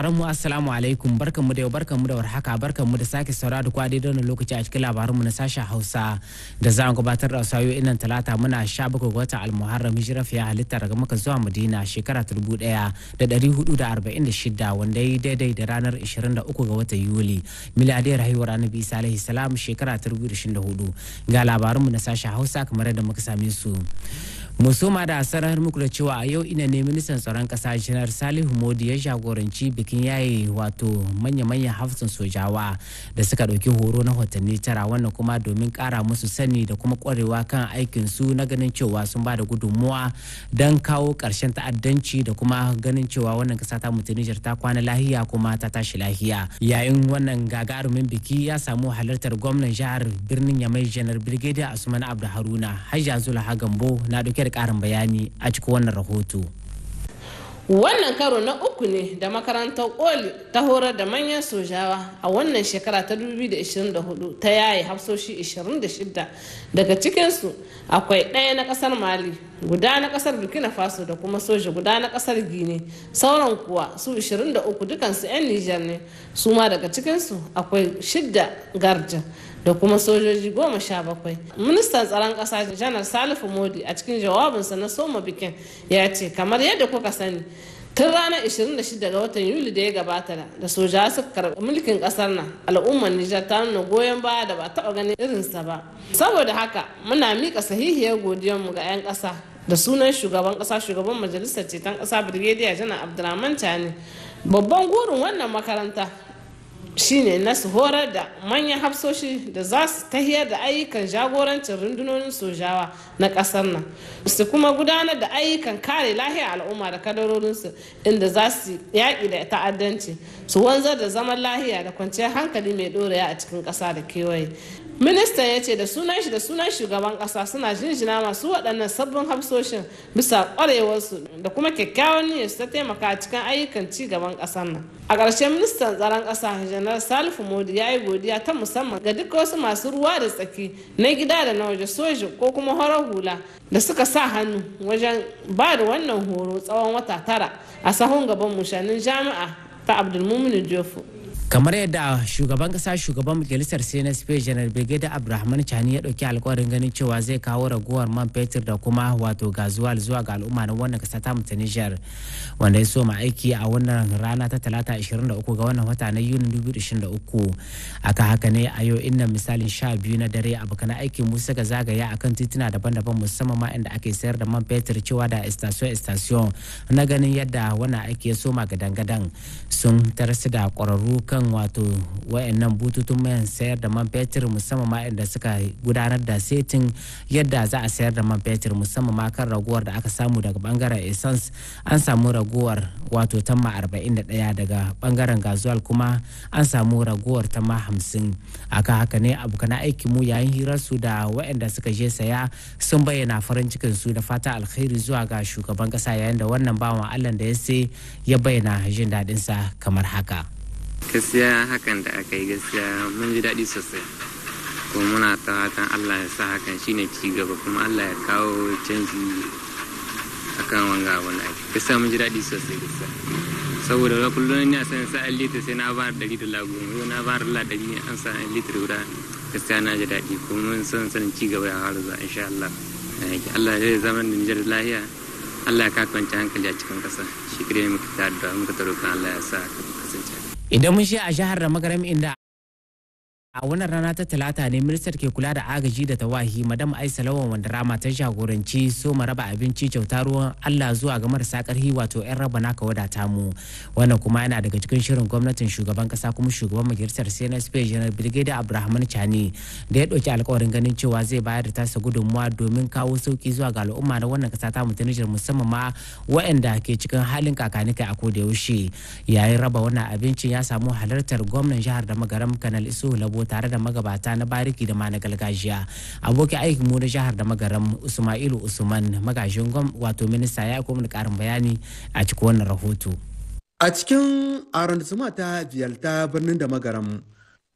sauraron mu assalamu alaikum barkanmu da yau mu da warhaka mu da sake saurara da kwadi don lokaci a cikin labarin mu na sashen Hausa da za mu gabatar da sayo inan talata muna 17 ga watan Al-Muharram hijira fiya halitta daga Makka zuwa Madina shekara 1446 wanda yi daidai da ranar 23 ga watan Yuli miladiyar haihuwar Annabi Isa alaihi salam shekara 1024 ga labarin mu na sashen Hausa kamar yadda muka same su. musoma da sanar muku da cewa a yau ina ne ministan tsaron kasa janar salihu modi ya jagoranci bikin yaye wato manya-manyan hafsan sojawa da suka ɗauki horo na watanni tara wannan kuma domin ƙara musu sani da kuma ƙwarewa kan aikin su na ganin cewa sun ba da gudunmuwa don kawo ƙarshen ta'addanci da kuma ganin cewa wannan ƙasa ta mutu nijar ta kwana lahiya kuma ta tashi lahiya yayin wannan gagarumin biki ya samu halartar gwamnan jihar birnin yamai janar birgediya asuman abdu haruna hajji azula hagambo na ɗauke karin bayani a cikin wannan rahoto. wannan karo na uku ne da makarantar koli ta horar da manyan sojawa a wannan shekara ta 2024 ta yaye hafsoshi 26 daga cikinsu akwai ɗaya na ƙasar mali guda na ƙasar burkina faso da kuma soja guda na ƙasar gine sauran kuwa su 23 dukansu 'yan nijar ne su ma daga cikinsu akwai shidda garjin da kuma sojoji goma sha bakwai ministan tsaron ƙasa janar salifu modi a cikin jawabinsa na soma bikin ya ce kamar yadda kuka sani tun ranar 26 ga watan yuli da ya gabata da soja suka karɓi mulkin ƙasar nan al'ummar nijar ta nuna goyon baya da ba taɓa ganin irinsa ba saboda haka muna mika sahihiyar mu ga 'yan ƙasa da sunan shugaban ƙasa shugaban majalisar ceton ƙasa birgediya janar abdulrahman tani babban gurin wannan makaranta shine na su horar da manyan hafsoshi da za su tahiyar da ayyukan jagorancin rundunonin sojawa na ƙasar nan su kuma gudanar da ayyukan kare lahiyar al'umma da kadarorinsu inda za su yaƙi da ta'addanci su wanzar da zaman lahiya da kwanciyar hankali mai ɗoraya a cikin ƙasa da kewaye ministan ya ce da sunan shi da sunan shugaban kasa suna jinjina masu waɗannan sabbin hafsoshin bisa ƙwarewarsu da kuma kyakkyawan niyyar ta taimaka cikin ayyukan ci gaban ƙasar nan a ƙarshe ministan tsaron ƙasa janar salifu modi ya yi godiya ta musamman ga duk wasu masu ruwa da tsaki na gida da na waje soji ko kuma horar hula da suka sa hannu wajen ba da wannan horo tsawon wata tara a sahun gaban mushanin jami'a ta abdulmumin jofu kamar yadda shugaban kasa shugaban majalisar space janar brigadier abdulrahman chani ya dauki alkawarin ganin cewa zai kawo ragowar man fetur da kuma wato gazuwal zuwa ga al'umma na wannan kasa ta nijar wanda ya soma aiki a wannan rana ta talata 23 ga wannan wata na yuni 2023 aka haka ne a yau inna misalin sha biyu na dare abokan aikin mu suka zagaya akan tituna daban-daban musamman ma inda ake sayar da man fetur cewa da station station na ganin yadda wannan aiki ya soma gadan-gadan sun tarasu da kwararru kan kan wato wayannan bututun mayan sayar da man fetur musamman ma inda suka gudanar da setin yadda za a sayar da man fetur musamman ma kan raguwar da aka samu daga bangaren essence an samu raguwar wato tamma 41 daga bangaren gazuwal kuma an samu raguwar tamma 50 aka haka ne abokan aikin mu yayin hirar su da wayanda suka je saya sun bayyana farin cikin su da fata alkhairi zuwa ga shugaban kasa yayin da wannan bawan allah da ya sai ya bayyana jin sa kamar haka. gaskiya hakan da aka yi gaskiya mun ji daɗi sosai kuma muna ta fatan allah ya sa hakan shine ci gaba kuma allah ya kawo canji kan wanga abu na ake gaskiya mun ji daɗi sosai gaskiya saboda wani kullum ne a san sa'an litir sai na ba da ɗari da lagun yau na ba da la ɗari ne an sa'an litir guda gaskiya na ji daɗi kuma mun san sanin ci gaba ya faru za insha allah allah ya zama da nijar lahiya allah ya kakwanci hankali a cikin ƙasa shi kire muka ta addu'a muka ta roƙon allah ya sa idan mun shi a jihar da magaram inda a wannan rana ta talata ne ministar ke kula da agaji da tawahi madam aisa lawan wanda ta jagoranci so mu raba abinci kyauta ruwan allah zuwa ga marasa karhi wato yan raba naka wadata mu wannan kuma yana daga cikin shirin gwamnatin shugaban kasa kuma shugaban majalisar cnsp janar brigadier abrahaman chani da ya ɗauki alkawarin ganin cewa zai bayar da tasa gudunmuwa domin kawo sauki zuwa ga al'umma na wannan kasa ta mu nijar musamman ma waɗanda ke cikin halin kakanika a ko da yaushe yayin raba wannan abincin ya samu halartar gwamnan jihar da magaram kanal isu labo sabo tare da magabata na bariki da ma na gargajiya abokin aikin mu na jihar da magaram usmailu usman magajin gwam wato minista ya aiko karin bayani a cikin wannan rahoto a cikin arantuma ta ziyarta birnin da magaram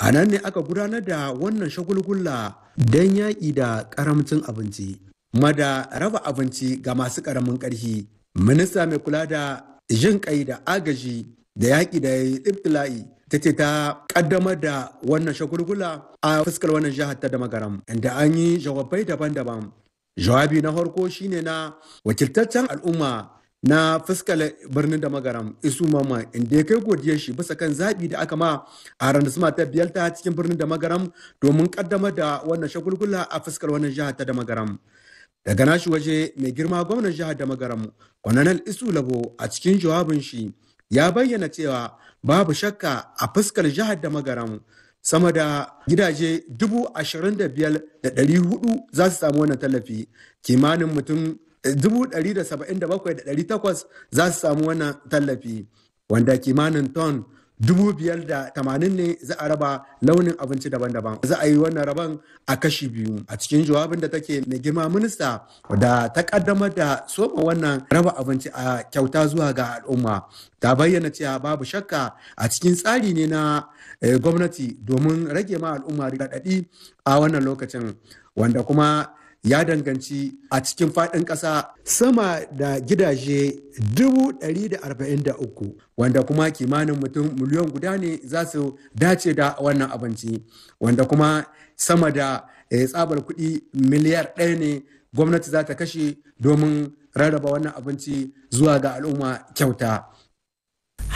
a nan ne aka gudanar da wannan shagulgulla don yaƙi da karamcin abinci mada raba abinci ga masu karamin ƙarfi minista mai kula da jin kai da agaji da yaƙi da ibtila'i ta ce ta kaddamar da wannan shagulgula a fuskar wannan jihar ta da inda an yi jawabai daban-daban jawabi na farko shine na wakiltaccen al'umma na fuskar birnin da magaram isu mama inda ya kai godiyar shi bisa kan zaɓi da aka ma a ranar suma ta biyar ta cikin birnin da magaram domin kaddamar da wannan shagulgula a fuskar wannan jihar ta da daga nashi waje mai girma gwamnan jihar da magaram kwananan isu labo a cikin jawabin shi ya bayyana cewa babu shakka a fuskar jihar da magaram sama da gidaje 25,400 za su samu wannan tallafi kimanin mutum 177,800 eh, za su samu wannan tallafi wanda kimanin ton dubu biyar da tamanin ne za a raba launin abinci daban-daban za a yi wannan raban a kashi biyu a cikin jawabin da take mai girma minista da ta kaddamar da soma wannan raba abinci a kyauta zuwa ga al'umma ta bayyana cewa babu shakka a cikin tsari ne na eh, gwamnati domin rage ma al'umma raɗaɗi a wannan lokacin wanda kuma ya danganci a cikin faɗin ƙasa sama da gidaje 143 wanda kuma kimanin mutum miliyan guda ne za su dace da wannan abinci wanda kuma sama da eh, tsabar kuɗi miliyar ɗaya ne gwamnati za ta kashe domin rarraba wannan abinci zuwa ga al'umma kyauta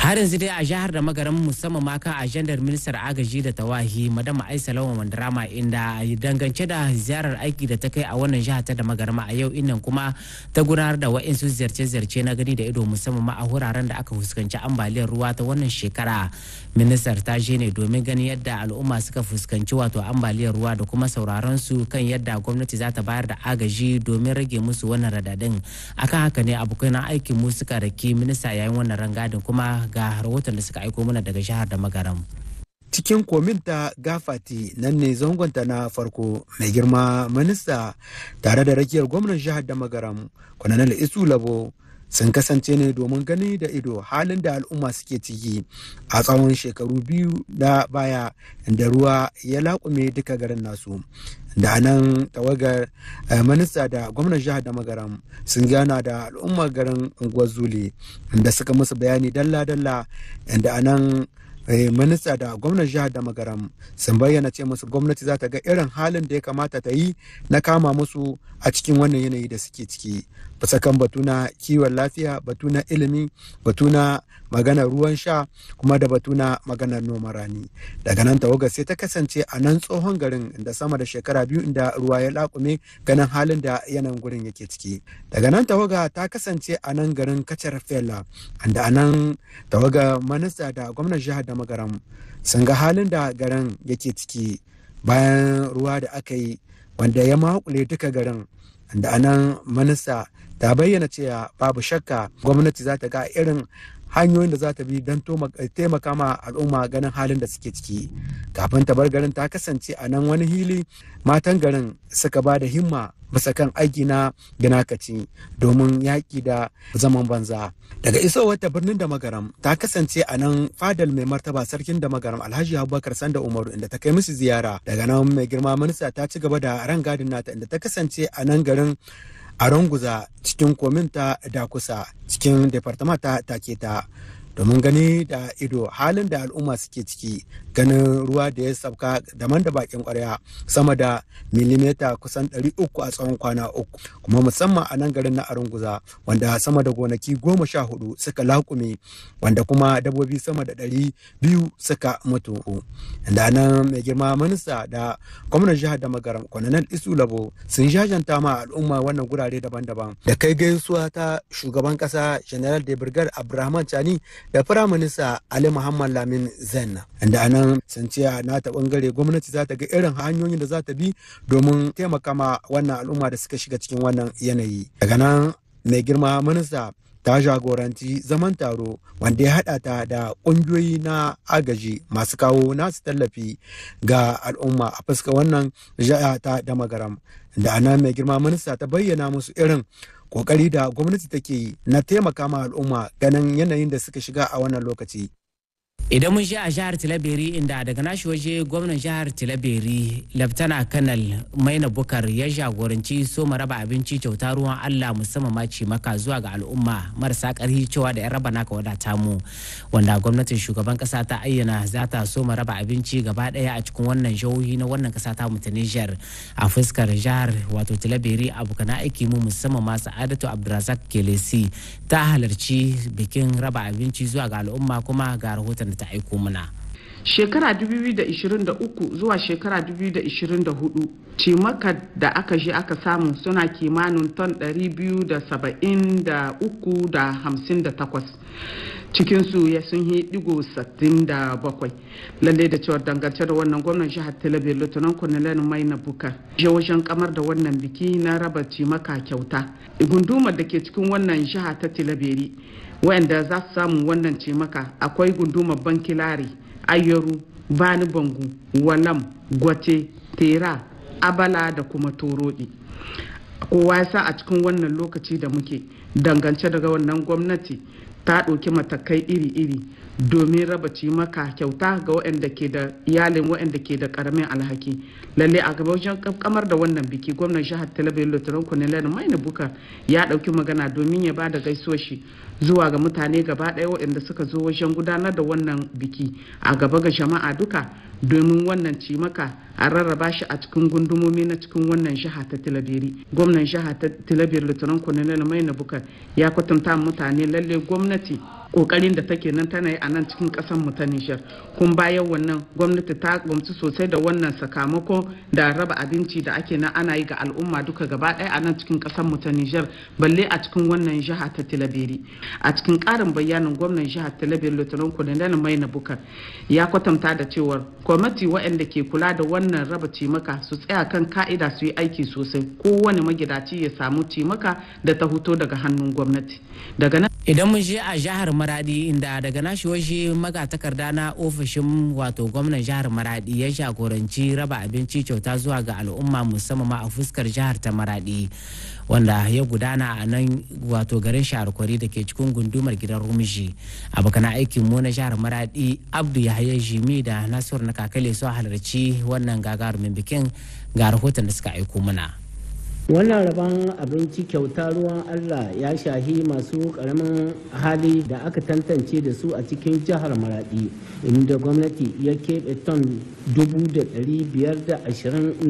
har yanzu dai a jihar da magaran musamman maka kan ajandar ministar agaji da tawahi madama aisa lawan wandarama inda dangance da ziyarar aiki da ta kai a wannan jihar ta da magarama a yau inan kuma ta gudanar da wa'insu ziyarce-ziyarce na gani da ido musamman ma a wuraren da aka fuskanci ambaliyar ruwa ta wannan shekara ministar ta je ne domin ganin yadda al'umma suka fuskanci wato ambaliyar ruwa da kuma sauraron su kan yadda gwamnati za ta bayar da agaji domin rage musu wannan radadin akan haka ne abokan aikin mu suka raki minista yayin wannan rangadin kuma ga rahoton da suka aiko mana daga jihar da magaram cikin kominta gafati nan ne zangonta na farko mai girma minista tare da rakiyar gwamnan jihar da magaram kwananan isu labo sun kasance ne domin gani da ido halin da al'umma suke ciki a tsawon shekaru biyu na baya da ruwa ya laƙume duka garin nasu da nan tawagar eh, minista da gwamnan jihar da magaram sun gana da al'ummar garin unguwar zule da suka musu bayani dalla-dalla da nan Eh, minista da gwamnan jihar da magaram sun bayyana ce musu gwamnati za ta ga irin halin da ya kamata ta yi na kama musu a cikin wannan yanayi da suke ciki bisa batuna batu na kiwon lafiya batu na ilimi batu na maganar ruwan sha kuma da batu na maganar noman rani daga nan tawaga sai ta kasance a nan tsohon garin da sama da shekara biyu inda ruwa ya lakume ganin halin da yanayin gurin yake ciki daga nan tawaga ta kasance a nan garin kacar fela inda a nan tawaga minista da gwamnan jihar da magaram sun ga halin da garin yake ciki bayan ruwa da aka yi wanda ya makule duka garin a nan minista ta bayyana cewa babu shakka gwamnati za ta ga irin hanyoyin da za ta bi don taimaka ma al'umma ganin halin da suke ciki kafin ta bar garin ta kasance a nan wani hili matan garin suka ba da himma bisa kan aiki na ginakaci domin yaƙi da zaman banza daga isowar ta birnin da magaram ta kasance a nan fadal mai martaba sarkin da magaram alhaji abubakar sanda umaru inda ta kai musu ziyara daga nan mai girma minista ta ci gaba da ran gadin nata inda ta kasance a nan garin a Ranguza cikin kominta da kusa cikin departamata ta ta domin gani da ido halin da al'umma suke ciki ganin ruwa da ya sabka daban da bakin kwarya sama da milimeta kusan 300 a tsawon kwana uku kuma musamman a nan garin na arunguza wanda sama da gonaki goma sha hudu suka lakume wanda kuma dabbobi sama da ɗari biyu suka mutu da nan mai girma minista da gwamnan jihar da magaram kwananan isu labo sun jajanta ma al'umma wannan gurare daban-daban da kai gaisuwa ta shugaban kasa general de brigade abdurrahman chani da firaminista ali muhammad lamin zen da nan domin sance a nata bangare gwamnati za ta ga irin hanyoyin da za ta bi domin taimaka ma wannan al'umma da suka shiga cikin wannan yanayi daga nan mai girma minista ta jagoranci zaman taro wanda ya haɗa ta da ƙungiyoyi na agaji masu kawo nasu tallafi ga al'umma a fuska wannan ta da magaram da ana mai girma minista ta bayyana musu irin kokari da gwamnati take yi na taimaka ma al'umma ganin yanayin da suka shiga a wannan lokaci idan mun a jihar tilaberi inda daga nashi waje gwamnan jihar tilaberi laftana kanal maina bukar ya jagoranci so raba abinci kyauta ruwan allah musamman ma ce maka zuwa ga al'umma marasa karhi cewa da yan raba naka wadata mu wanda gwamnatin shugaban kasa ta ayyana za ta so raba abinci gaba daya a cikin wannan jihohi na wannan kasa ta mu niger a fuskar jihar wato tilaberi abokan aiki mu musamman ma sa'adatu abdulrazak kelesi ta halarci bikin raba abinci zuwa ga al'umma kuma ga rahoton ta aiko mana shekara 2023 zuwa shekara 2024 cimaka da aka shi aka samu suna kimanin ton 273.58 cikinsu ya sun yi digo 67 lalle da cewar dangance da wannan gwamnan jihar talabi lutunan kunilan mai na buka. je wajen kamar da wannan biki na raba cimaka kyauta gundumar da ke cikin wannan jiha ta tilaberi wayanda za su samu wannan ce maka akwai gundumar bankilari ayyaru bani bangu walam gwace tera abala da kuma toroɗi kowa ya sa a cikin wannan lokaci da muke dangance daga wannan gwamnati ta ɗauki matakai iri-iri domin raba cimaka kyauta ga waɗanda ke da iyalin waɗanda ke da ƙaramin alhaki lalle a gaba wajen kamar da wannan biki gwamnan jihar talabijin luturan kunilan maina buka ya ɗauki magana domin ya ba da gaisoshi zuwa ga mutane gaba ɗaya waɗanda suka zo wajen gudanar da wannan biki a gaba ga jama'a duka domin wannan cimaka a rarraba shi a cikin gundumomi na cikin wannan jiha ta tilabiri gwamnan jiha ta tilabiri lieutenant mai na bukar ya kwatanta mutane lalle gwamnati kokarin da take nan tana yi a nan cikin kasar mu ta Nijar kun bayan wannan gwamnati ta gamsu sosai da wannan sakamako da raba abinci da ake nan ana yi ga al'umma duka gaba ɗaya a nan cikin kasar mu ta Nijar balle a cikin wannan jiha ta Tilaberi a cikin karin bayanin gwamnan jihar Tilaberi Lieutenant mai Maina Bukar ya kwatanta da cewar kwamiti waɗanda ke kula da wannan raba cimaka su tsaya kan ka'ida su yi aiki sosai kowane magidaci ya samu cimaka da ta huto daga hannun gwamnati daga nan idan mun je a jihar maradi inda daga nashi waje magatakarda na ofishin wato gwamnan jihar maradi ya jagoranci raba abinci kyauta zuwa ga al'umma musamman ma a fuskar jihar ta maradi wanda ya gudana a nan wato garin shaharkwari da ke cikin gundumar gidan rumishi abokan aikin mu na jihar maradi abdu yahaya jimi da nasiru na kakale su halarci wannan gagarumin bikin ga rahoton da suka aiko mana. wannan rabon abinci kyauta ruwan allah ya shahi masu ƙaramin hali da aka tantance da su a cikin jihar maraɗi inda gwamnati ya keɓe ton 520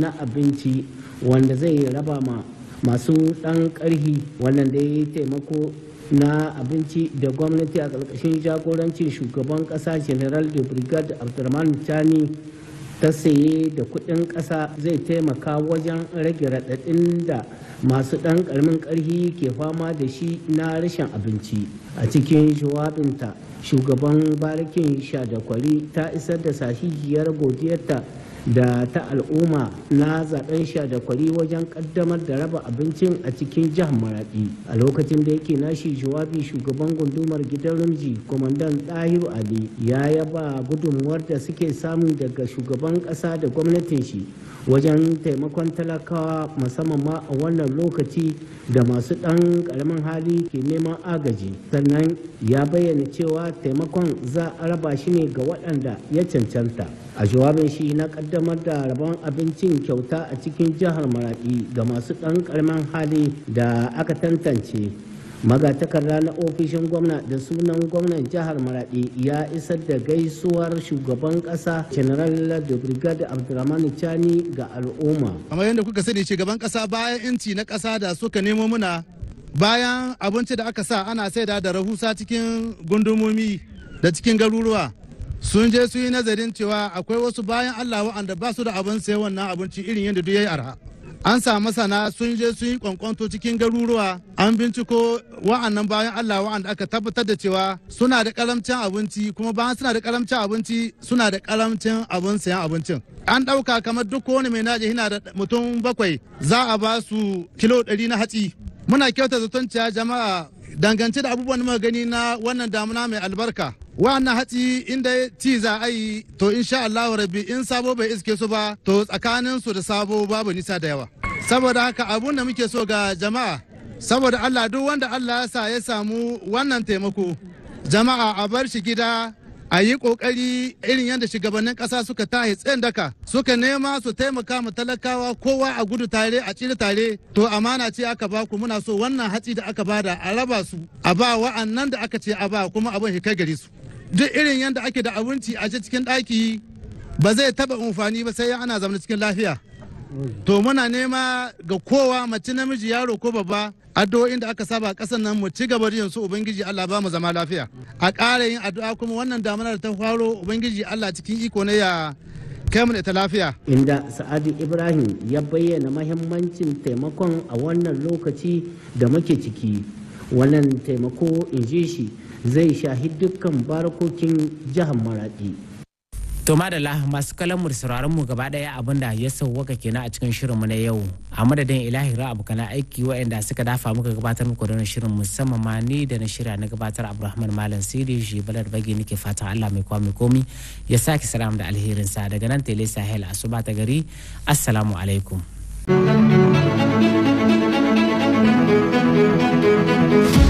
na abinci wanda zai raba ma masu ɗan ƙarhi wannan da ya taimako na abinci da gwamnati a ƙarƙashin jagorancin shugaban ƙasa general de brigade abdulrahman tani ta saye da kuɗin ƙasa zai taimaka wajen rage raɗaɗin da masu ɗan ƙaramin ƙarfi ke fama da shi na rashin abinci a cikin jawabinta shugaban barikin shadakwari ta isar da sahihiyar godiyarta da ta al'umma na zaben sha da kwari wajen kaddamar da raba abincin a cikin jihar maraɗi a lokacin da yake nashi jawabi shugaban gundumar gidan rumji kwamandan ɗahiru ali ya yaba gudunmuwar da suke samu daga shugaban ƙasa da gwamnatin shi wajen taimakon talakawa musamman ma a wannan lokaci da masu ɗan ƙaramin hali ke neman agaji sannan ya bayyana cewa taimakon za a raba shi ne ga waɗanda ya cancanta a jawabin shi na kaddamar da rabon abincin kyauta a cikin jihar maraɗi ga masu ɗan ƙaramin hali da aka tantance. magatakarda na ofishin gwamna da sunan gwamnan jihar maraɗi ya isar da gaisuwar shugaban ƙasa general da brigade abdulrahman chani ga al'umma kamar yadda kuka sani shugaban ƙasa bayan inci na ƙasa da suka nemo muna bayan abinci da aka sa ana saida da rahusa cikin gundumomi da cikin garuruwa sun je su yi nazarin cewa akwai wasu bayan allah wa'anda ba su da abin sayan wannan abinci irin yadda duk ya yi arha an sa masana sun je sun yi kwankwanto cikin garuruwa an binciko wa'annan bayan Allah wa'anda aka tabbatar da cewa suna da karamcin abinci kuma bayan suna da karamcin abinci suna da karamcin abin sayan abincin an ɗauka kamar duk wani mai naji yana da mutum bakwai za a ba su kilo ɗari na hatsi muna kyauta zaton jama'a dangance da abubuwan muka gani na wannan damuna mai albarka wannan hatsi inda ci za a yi to insha Allah rabi in sabo bai iske su ba to tsakanin su da sabo babu nisa da yawa saboda haka abun da muke so ga jama'a saboda Allah duk wanda Allah ya sa ya samu wannan taimako jama'a a bar shi gida a yi kokari irin yadda shugabannin kasa suka tahi tsayin daka suka nema su taimaka mu talakawa kowa a gudu tare a cire tare to amana ce aka ba ku muna so wannan hatsi da aka bada a raba su a ba wa'annan da aka ce a ba kuma abin hikai gare su duk irin yadda ake da abinci a cikin daki ba zai taɓa amfani ba sai ana zaune cikin lafiya to muna nema ga kowa mace namiji yaro ko babba addu'o'in da aka saba kasan nan mu ci gaba da yanzu ubangiji Allah ba mu zama lafiya a ƙara yin addu'a kuma wannan damanar ta faro ubangiji Allah cikin iko ne ya kai mu ta lafiya inda sa'adu ibrahim ya bayyana mahimmancin taimakon a wannan lokaci da muke ciki wannan taimako in ji shi zai shahi dukkan barakokin jihar maradi to madalla masu kalan mu sauraron mu gaba daya abin da ya sauwaka kenan a cikin shirinmu na yau a madadin ilahi ra'abu kana aiki waɗanda suka dafa muka gabatar muku da shirin musamman ma ni da na shirya na gabatar abdulrahman malam sidi shi balar bagi nake fatan allah mai kwami komi ya saki salam da alherinsa daga nan tele sahel asuba ta gari assalamu alaikum Música